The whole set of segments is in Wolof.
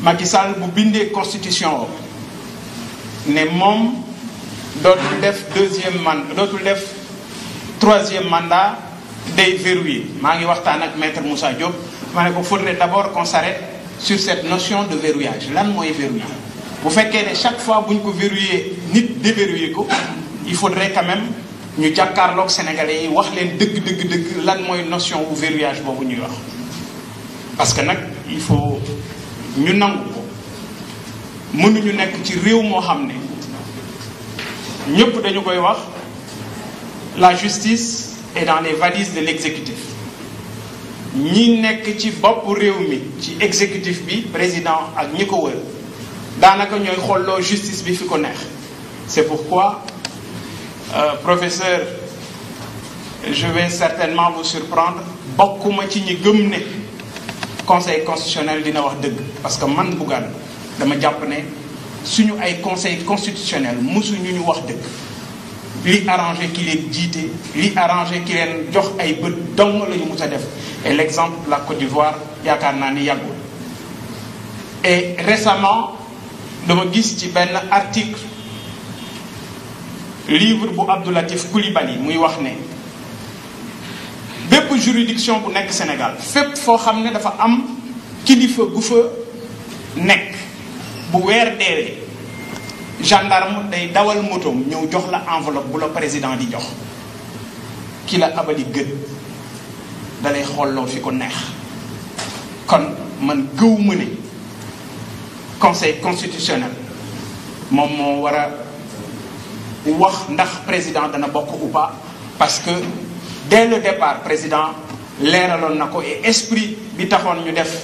Macky Sall bu bindee constitution ne moom dootul def deuxième man dootul def troisième mandat day verrouillé maa ngi waxtaan ak maître Moussa Diop ma ne ko faudrait d'abord qu'on s'arrête su cette notion de verrouillage lan mooy verrouillé bu fekkee ne chaque fois bu ñu ko verrouillé nit déverrouillé ko il faudrait quand même ñu jàkkaarloog sénégalais yi wax leen dëgg dëgg dëgg lan mooy notion wu verrouillage boobu ñuy wax parce que nag il faut ñu nangu ko mënuñu nekk ci réew moo xam ne ñëpp dañu koy wax la justice est dans les valises de l'exécutif ñi nekk ci bopp réew mi ci exécutif bi président ak ñi ko wër daanaka ñooy xolloo justice bi fi ko neex c'est pourquoi euh, professeur je vais certainement vous surprendre bokkuma ci ñi gëm ne conseil constitutionnel dina wax dëgg parce que man Bougane dama jàpp ne suñu ay conseil constitutionnel mosu ñu ñu wax dëgg li arrangé ki leen jiite li arrangé ki leen jox ay bët dong la ñu mus a def et l' exemple la Côte d'Ivoire yaakaar naa ni yàggul et récemment dama gis ci benn article livre bu Abdoulatif yi muy wax ne bépp juridiction bu nekk Sénégal fépp foo xam ne dafa am kilifa gu fa nekk bu weer deewee gendarme day dawal motoom ñëw jox la enveloppe bu la président di jox ki la abali gët dalay xolloo fi ko neex kon man gëw ma ne conseil constitutionnel moom moo war a wax ndax président dana bokk ou pas parce que de le départ président leeraloon na ko et esprit bi taxoon ñu def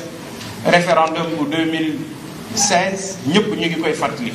référendum bu 2016 ñëpp ñu ngi koy fàttali